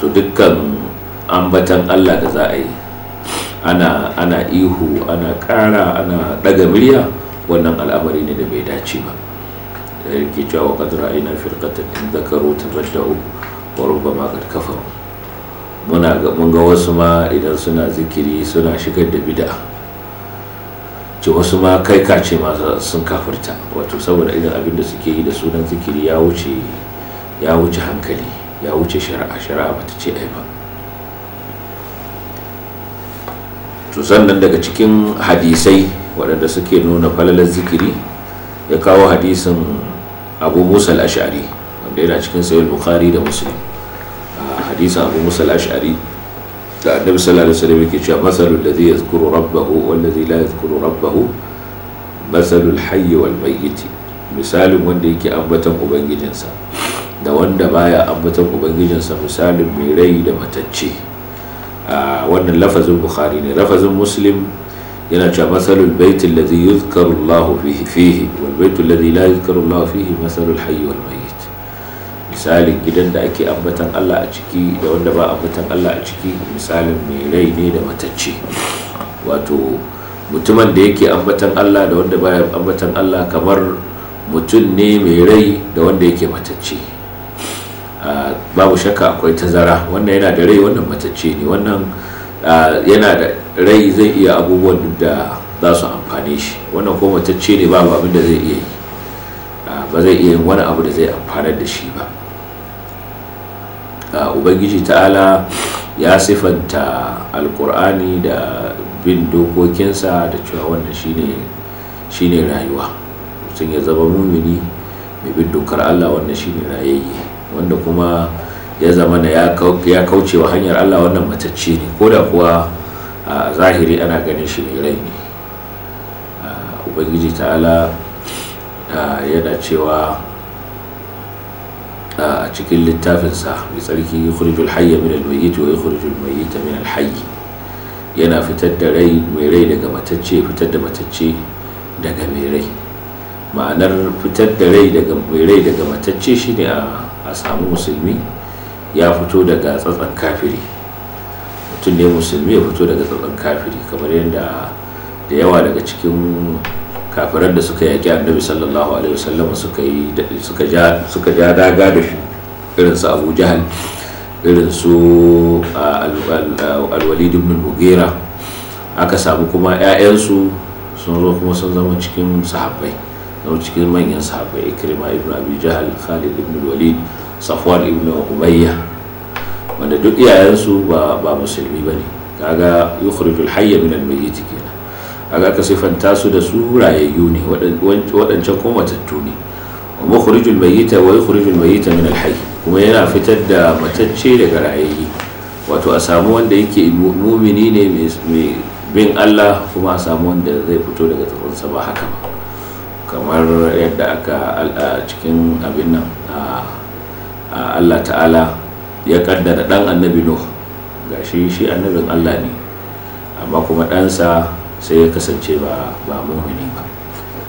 to dukkan ambatan allah da za a yi ana ana ihu ana ƙara, ana ɗaga murya wannan al'amari ne da bai dace ba da yake cewa wa qadra aina firqatan in zakaru ta tabadda'u wa ma qad kafaru muna ga mun ga wasu ma idan suna zikiri suna shigar da bid'a ce wasu ma kai kace ma sun kafirta wato saboda idan abin da suke yi da sunan zikiri ya wuce ya wuce hankali ya wuce shari'a shari'a ba ta ce ai ba to sannan daga cikin hadisai waɗanda suke nuna falalar zikiri ya kawo hadisin abu musa ashari wanda yana cikin sayar bukhari da muslim hadisin abu musa al-ash'ari da annabi sallallahu alaihi wasallam yake cewa masalul ladhi yadhkuru rabbahu wal zai la yadhkuru rabbahu masalul hayyi wal mayyit misalin wanda yake ambatan ubangijinsa da wanda baya ambaton ubangijinsa misalin mai rai da matacce wannan lafazin bukhari ne lafazin muslim yana cewa masalul baitin lazi yuzkaru Allah fihi wal baitul lazi la yuzkaru Allah fihi masalul hayy wal mayyit misalin gidan da ake ambatan Allah a ciki da wanda ba ambatan Allah a ciki misalin mai rai ne da matacce wato mutumin da yake ambatan Allah da wanda baya ambatan Allah kamar mutum ne mai rai da wanda yake matacce babu shakka akwai tazara wannan yana da rai wannan matacce ne wannan yana da rai zai iya abubuwan da za su amfane shi wannan ko matacce ne babu abin da zai iya yi ba zai iya yin wani abu da zai amfanar da shi ba ubangiji ta'ala ya sifanta alkur'ani da bin dokokinsa da cewa wannan shine rayuwa mutum ya zama mumini mai bin dokar allah wannan shine rayayye wanda kuma ya zama na ya kauce wa hanyar allah wannan matacce ne ko da kuwa a zahiri ana ganin shi ne rai ne ubangiji ta'ala yana cewa a cikin littafinsa mai tsarki yukhrijul hayya min al-mayyit wa yukhrijul mayyita min al-hayy yana fitar da rai mai rai daga matacce fitar da matacce daga mai rai ma'anar fitar da rai daga mai rai daga matacce shine a a samu musulmi ya fito daga tsatsan kafiri mutum ne musulmi ya fito daga tsatsan kafiri kamar yadda da yawa daga cikin kafiran da suka yaƙi annabi sallallahu alaihi wasallam suka ja daga da shi irin su abu jahal irin su alwalid ibn aka samu kuma 'ya'yansu sun zo kuma sun zama cikin sahabbai da cikin manyan sahabbai ikrima ibn abi jahal khalid ibn walid safwan ibn umayya wanda duk iyayensu ba ba musulmi bane kaga yukhrijul hayya min al-mayyit kenan kaga ka sifanta su da su rayayyu ne wadancan ko matattu ne wa mukhrijul mayyita wa yukhrijul mayyita min al-hayy kuma yana fitar da matacce daga rayayyi wato a samu wanda yake mumini ne mai bin Allah kuma a samu wanda zai fito daga tsakonsa ba haka ba kamar yadda aka a cikin abin nan Allah ta'ala ya kaddara dan annabi Nuh gashi shi annabin Allah ne amma kuma ɗansa sai ya kasance ba ba mumini ba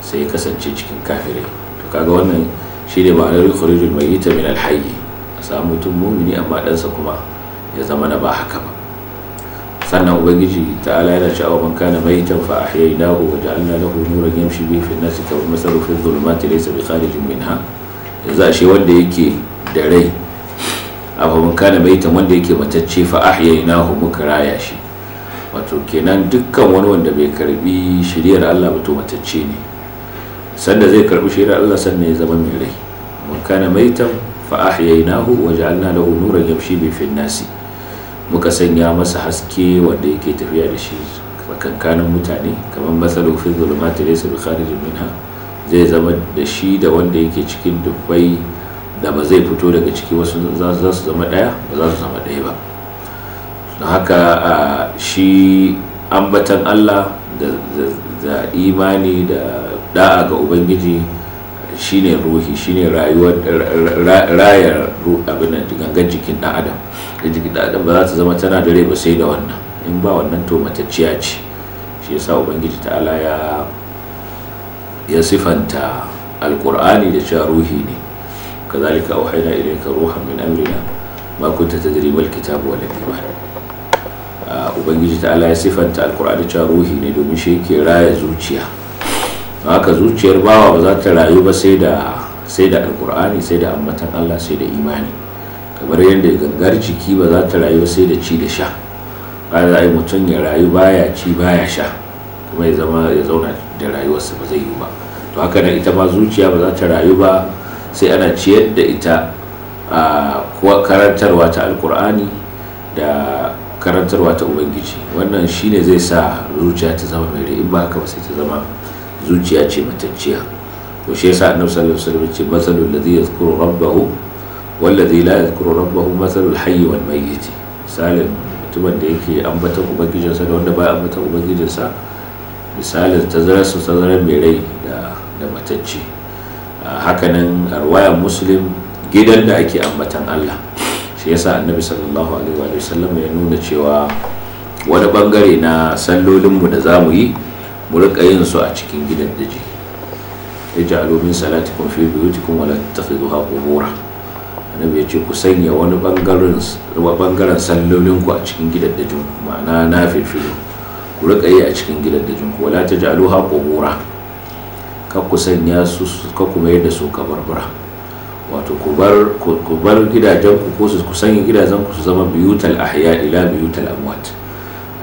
sai ya kasance cikin kafirai to kaga wannan shi ne ma'anar khurujul mayyita min al-hayy a samu mutum mumini amma ɗansa kuma ya zama na ba haka ba sannan ubangiji ta'ala yana cewa man kana maitan fa ahyaynahu wa ja'alna lahu nuran yamshi bihi fi an-nas kama masalu fi dhulumati laysa bi kharijin minha yanzu ashe wanda yake da rai abu man kana maitan wanda yake matacce fa ahyaynahu muka raya shi wato kenan dukkan wani wanda bai karbi shiriyar Allah ba to matacce ne sanda zai karbi shiriyar Allah sannan ya zama mai rai man kana maitan fa ahyaynahu wajen ja'alna lahu nuran yamshi bihi fi an muka sanya masa haske wanda yake tafiya da shi tsakankanin mutane kamar matsalar fi zulumati bi kharijin minha zai zama da shi da wanda yake cikin dubbai da ba zai fito daga ciki wasu za su zama daya ba za su zama daya ba don haka shi ambatan Allah da imani da da'a ga ubangiji shine ruhi shine rayuwar rayar abin gangan jikin dan adam jikin dan adam ba za ta zama tana da rai ba sai da wannan in ba wannan to matacciya ce shi yasa ubangiji ta'ala ya ya sifanta alkur'ani da cewa ruhi ne kazalika auhayna ilayka ruhan min amrina ma kunta tadri mal kitabu wal iman ah, ubangiji ta'ala ya sifanta alkurani da cewa ruhi ne domin shi yake raya zuciya haka zuciyar bawa ba za ta rayu ba sai da sai da alkur'ani sai da ambatan allah sai da imani kamar yadda gangar ciki ba za ta rayu sai da ci da sha ba za a yi mutum ya rayu baya ci baya sha kuma ya zama ya zauna da rayuwarsa ba zai yi ba to haka na ita ma zuciya ba za ta rayu ba sai ana ciyar da ita a karantarwa ta alkur'ani da karantarwa ta ubangiji wannan shine zai sa zuciya ta zama mai in ba haka ba sai ta zama zuciya ce matacciya to shi yasa annabi sallallahu alaihi wasallam ce masalul ladhi yadhkuru rabbahu wal ladhi la yadhkuru rabbahu masalul hayy wal mayyit misalin mutumin da yake ubangijin sa da wanda baya ambatan ubangijinsa misalin tazarar su tazara mai rai da da matacce hakanan arwayar muslim gidan da ake ambatan Allah shi yasa annabi sallallahu alaihi wasallam ya nuna cewa wani bangare na sallolinmu da zamu yi mu rika yin su a cikin gidan daji ij'alu min salatikum fi buyutikum wani la tattakhiduha qubura annabi ya ce ku sanya wani bangaren bangaren sallolin ku a cikin gidan dajin ma'ana na filfilo ku rika yi a cikin gidan dajin ku wala ta taj'aluha qubura ka ku sanya su ka kuma yadda su ka kabarbara wato ku bar gidajen ku ko su sanya gidajen ku su zama biyutal ahya ila biyutal amwat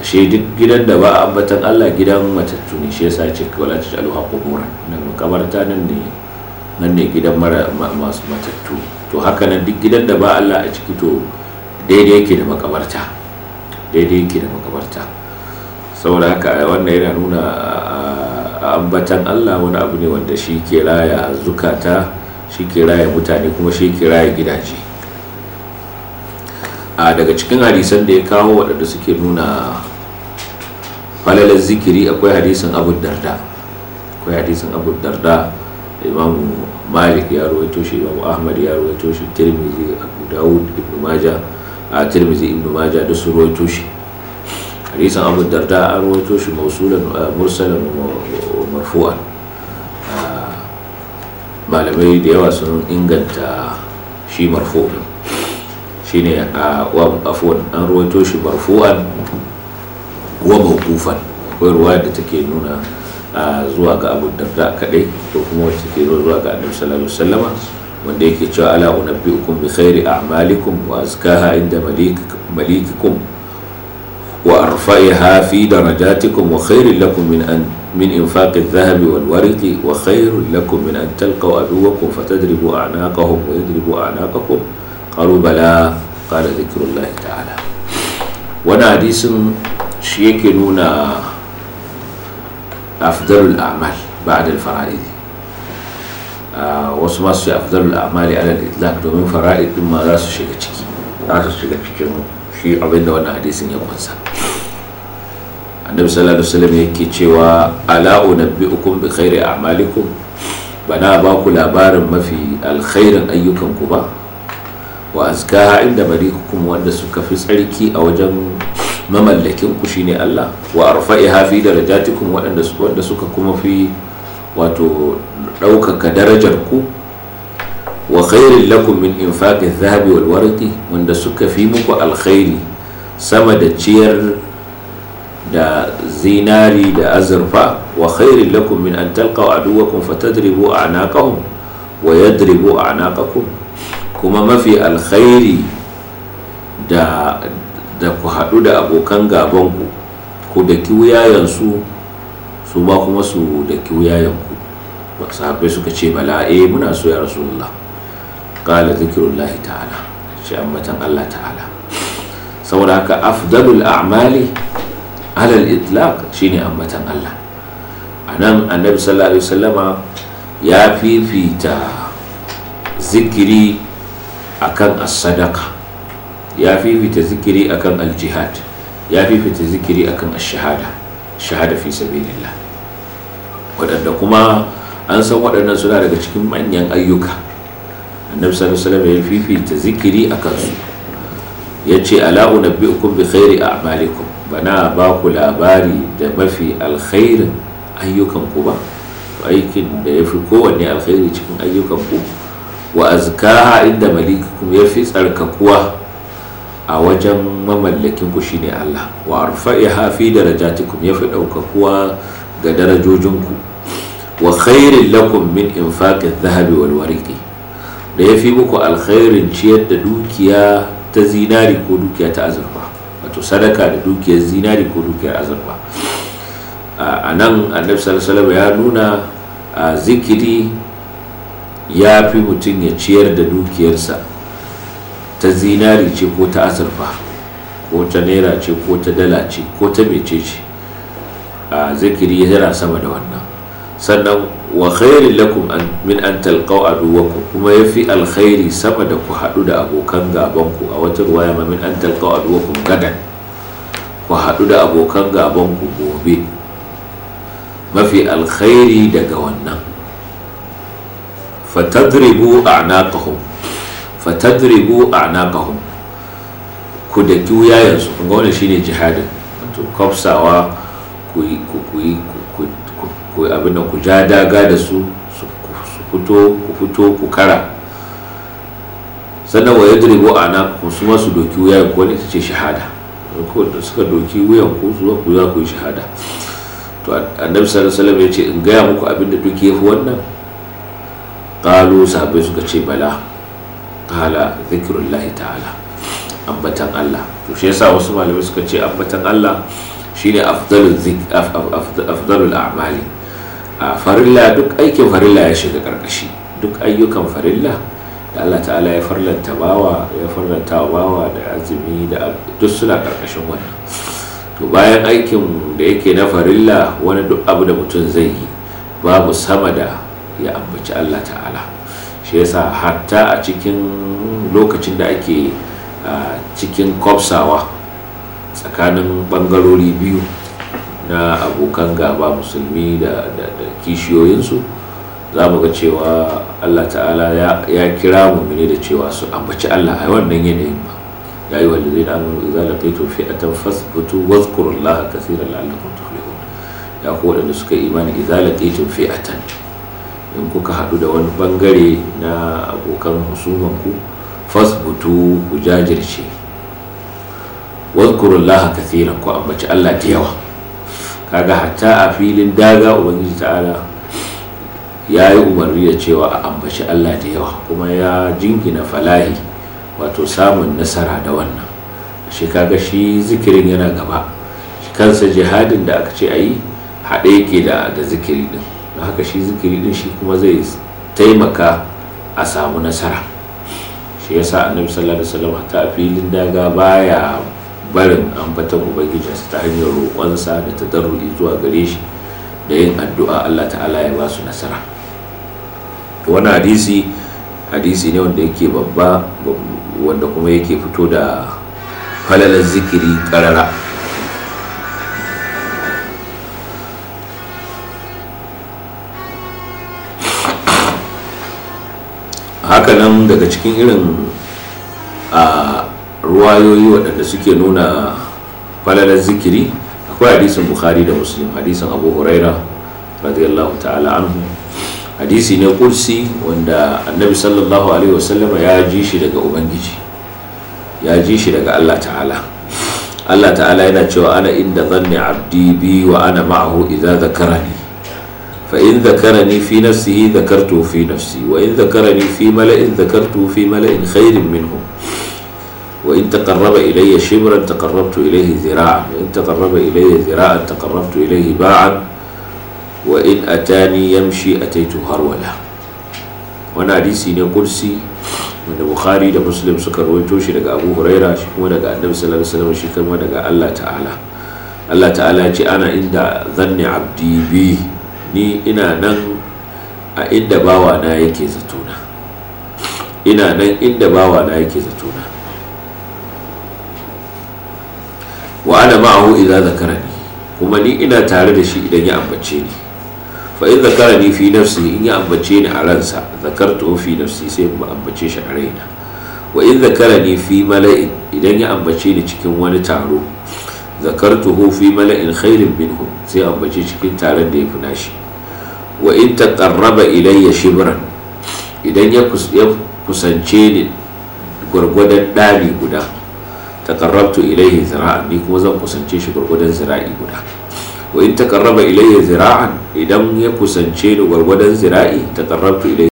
ashe duk gidan da ba ambatan Allah gidan matattu ne shi yasa ce kawai wala ta alu haqubura nan makabarta nan ne nan ne gidan mara masu matattu to haka nan duk gidan da ba Allah a ciki to daidai yake da makabarta daidai yake da makabarta saboda haka wannan yana nuna ambatan Allah wani abu ne wanda shi ke raya zukata shi ke raya mutane kuma shi ke raya gidaje a daga cikin hadisan da ya kawo waɗanda suke nuna falalar zikiri akwai hadisin abu darda akwai hadisin abu darda imam malik ya rawaito shi imam ahmad ya rawaito shi tirmizi abu dawud ibn maja a tirmizi ibn maja da su rawaito shi hadisin abu darda an rawaito shi mausulan mursalan marfu'an malamai da yawa sun inganta shi marfu'an shine a afuwan an rawaito shi marfu'an wa mawqufan akwai ruwaya da take nuna zuwa ga Abu Darda kadai ko kuma wacce take zuwa ga Annabi sallallahu alaihi wasallama wanda yake cewa ala unabbiukum bi khairi a'malikum wa azkaha inda malikikum wa arfa'iha fi darajatikum wa khairul lakum min an من إنفاق الذهب والورق وخير لكم من أن تلقوا عدوكم فتدربوا أعناقهم ويدربوا أعناقكم قالوا بلى قال ذكر الله تعالى وانا حديث shi yake nuna afdalul amal ba'da al ah, wasu masu yi afdalul amali ala al domin faraidin din ma za su shiga ciki za su shiga cikin shi abinda wannan hadisin ya kunsa annabi sallallahu alaihi wasallam yake cewa ala unabbiukum bi khairi a'malikum bana ba ku labarin mafi alkhairin ayyukan ku ba wa azkaha inda malikukum wanda suka fi tsarki a wajen mamallakinku ku shine Allah wa arfa'iha fi darajatikum waɗanda wadanda suka kuma fi wato ɗaukaka darajar ku wa khairin lakum min infaqi dhahabi wal warqi wanda suka fi muku alkhairi sama da ciyar da zinari da azurfa wa khairin lakum min an talqaw aduwakum fatadribu a'naqahum wa yadribu a'naqakum kuma mafi alkhairi da da ku haɗu da abokan gabanku ku da kiwuyayensu su ba kuma su da kiwuyayenku sahabbai suka ce bala eh muna so ya rasulullah qala "Allah ta'ala shi ambatan Allah ta'ala saboda haka afdalul a'mali alal itlaq shine ambatan Allah anan annabi sallallahu alaihi wasallama ya fifita zikiri akan as-sadaqa ya fifita zikiri akan aljihad ya fifita zikiri akan ashahada shahada fi sabilillah waɗanda kuma an san waɗannan suna daga cikin manyan ayyuka annabi sallallahu alaihi ya fifita zikiri akan su yace ala unabbiukum bi khairi a'malikum bana ba ku labari da mafi alkhairin ayyukan ku ba aikin da yafi kowanne alkhairi cikin ayyukan ku wa azkaha inda malikukum yafi tsarkakuwa a wajen mamallakin ku shine Allah wa arfa'iha fi darajatikum yafi kuwa ga darajojinku wa khairin lakum min infaqi dhahabi wal wariqi da yafi muku alkhairin ciyar da dukiya ta zinari ko dukiya ta azurfa wato sadaka da dukiyar zinari ko dukiyar azurfa a nan annabi sallallahu ya nuna zikiri ya fi mutum ya ciyar da dukiyarsa ta zinari ce ko ta azurfa ko ta naira ce ko ta dala ce ko ta mece ce a zikiri yana sama da wannan sannan wa khairin lakum min an talqau aduwakum kuma yafi alkhairi sama da ku haɗu da abokan gabanku a wata ruwaya ma min an talqau aduwakum gadan ku haɗu da abokan gabanku gobe mafi alkhairi daga wannan fatadribu anakaho. fatadribu a'naqahum ku da wuyayensu kun ga wannan shine jihadin wato kafsawa ku yi ku ku abin da ku ja daga da su su fito ku fito ku kara sannan wa yadribu a'naqakum su ma su doki wuyayen ku wani ita ce shahada suka doki wuyan ku su ku za ku yi shahada to annabi sallallahu alaihi wasallam ya ce in gaya muku abin da duke yafi wannan qalu sahabbai suka ce bala qala dhikrullahi ta'ala ambatan Allah to shi yasa wasu malamai suka ce ambatan Allah shine afdalul zik afdalul a'mali farilla duk aikin farilla ya shiga karkashi duk ayyukan farilla da Allah ta'ala ya farlanta bawa ya farlanta bawa da azumi da duk suna karkashin wannan to bayan aikin da yake na farilla wani duk abu da mutum zai yi babu sama da ya ambaci Allah ta'ala shi yasa hatta a cikin lokacin da ake cikin kwabsawa tsakanin bangarori biyu na abokan gaba musulmi da kishiyoyinsu za mu ga cewa allah ta'ala ya kira mu ne da cewa su ambaci allah a wannan yanayin ba ya yi wanda zai amuru iza faito fi a wasu fasbutu wazkurullaha kasiran la'allakum tuflihun ya ku waɗanda suka yi imanin la faito fi a tan in kuka haɗu da wani bangare na abokan husumanku fasbutu ku jajirce wadkurullaha kathiran ku ambaci Allah da yawa kaga hatta a filin daga ubangiji ta'ala ya yi umarni da cewa a ambaci Allah da yawa kuma ya jingina falahi wato samun nasara da wannan shi kaga shi zikirin yana gaba kansa jihadin da aka ce a yi haɗe yake da zikiri din da haka shi zikiri din shi kuma zai taimaka a samu nasara shi yasa annabi sallallahu alaihi wasallam ta filin daga baya barin ambatan ubangijinsa ta hanyar roƙonsa da ta daruɗi zuwa gare shi da yin addu'a Allah ta'ala ya ba su nasara wani hadisi hadisi ne wanda yake babba wanda kuma yake fito da falalar zikiri ƙarara daga cikin irin a ruwayoyi waɗanda suke nuna falalar zikiri akwai hadisin bukhari da muslim hadisin abu huraira radiyallahu ta'ala anhu hadisi ne kursi wanda annabi sallallahu alaihi wasallama ya ji shi daga ubangiji ya ji shi daga allah ta'ala allah ta'ala yana cewa ana inda zanni abdi bi wa ana ma'ahu idza zakarani فإن ذكرني في نفسه ذكرته في نفسي وإن ذكرني في ملأ ذكرته في ملأ خير منه وإن تقرب إلي شبرا تقربت إليه ذراعا وإن تقرب إلي ذراعا تقربت إليه باعا وإن أتاني يمشي أتيت هرولا وانا حديثي قدسي من بخاري ده مسلم سكر ويتوشي لك أبو هريرة وانا النبي صلى الله عليه وسلم وشيكم وانا الله تعالى الله تعالى جاءنا عند ظن عبدي بي ni ina nan a inda bawa na yake zatona ina nan inda bawa na yake zatona wa ana ma'ahu idza zakarani kuma ni ina tare da shi idan ya ambace ni fa in zakarani fi nafsi in ya ambace ni a ransa zakartu fi nafsi sai mu ambace shi a raina wa in zakarani fi mala'in idan ya ambace ni cikin wani taro zakartuhu fi mala'in khairin minhu sai ambaci cikin taron da ya fi shi wa in taqarraba ilayya shibran idan ya kusance ni gwargwadon ɗani guda taqarrabtu ilayhi zira'an ni kuma zan kusance shi gwargwadon zira'i guda wa in taqarraba ilayya zira'an idan ya kusance ni gwargwadon zira'i taqarrabtu ilayhi